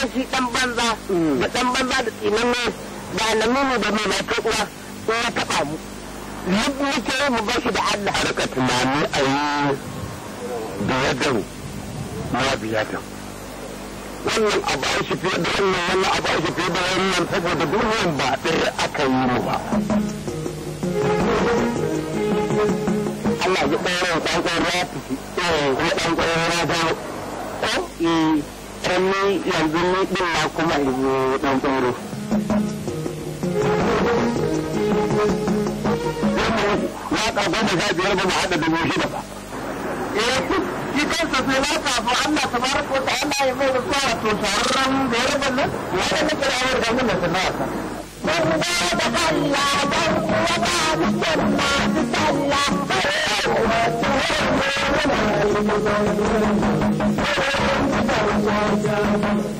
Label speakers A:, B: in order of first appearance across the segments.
A: sunan shi dan banza mm. da dan banza da tsinanne da annabi da mai mai kuwa ko ya taba mu duk muke mu ba shi da Allah harka tunani a yi da ya dawo na biya ta wannan abu a shi fiye da wannan wannan abu a shi fiye da wannan saboda duniyan ba ɗaya aka yi mu ba Allah ya ɗaya ɗan ɗan ya tafi eh, kuma ibo dan tsoro waka goma sha biyar ba mu haɗa dubu shida eh, shi fa Allah tabaraka wa ya mai da sawa to shahararren da ya rabar nan da da da da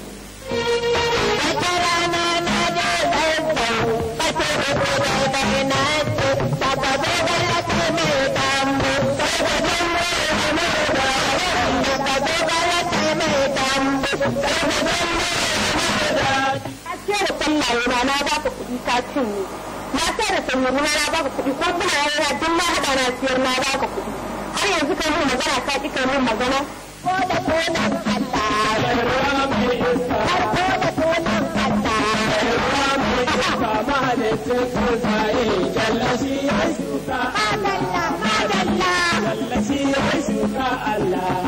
A: ba na ba ka kuɗi ka cinye na sai da sanyi na na ba ka kuɗi ko kuna yaya duk na haɗa na siyar na ba ka kuɗi har yanzu kai mun magana ka ƙi kai mun magana ko da ko da Allah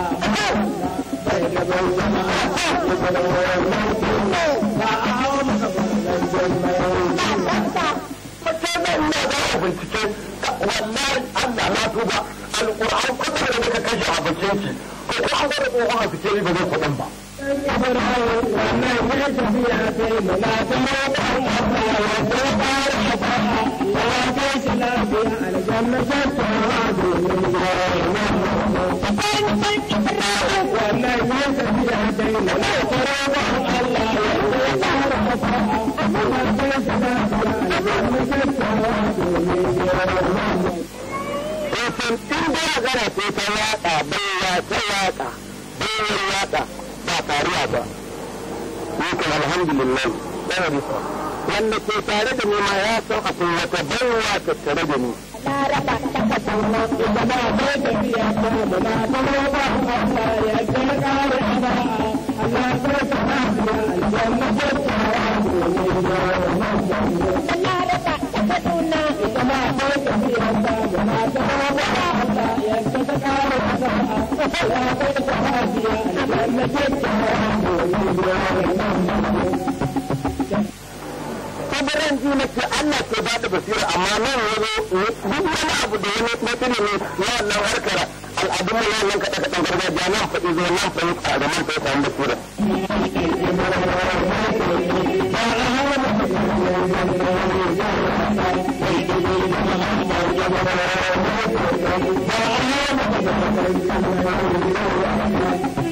A: mutumin na za ku bincike wallahi Allah na tuba alƙur'an kwatar da ka kashe a bakin shi ko ko an gwada tsohon a fice ba zai kuɗin ba. Thank you. Wasan in da magana ce ta waka bai waka waƙa bai waƙa ba tariya ba. Nikan alhamdulillah ɗan rufa. Wanda ke tare da nema ya san akwai wata baiwa tattare da ni. Ta raba ta kasan wasu da ba da biyar da ba da ba da ba kabaran ji na ce Allah ce ba da basira amma nan wani wani abu da wani mutum ne na wannan harkar al'adun mu nan kaɗa kaɗan gargajiya nan faɗi zo nan faɗi a zaman kai samu basira. Ba Thank you.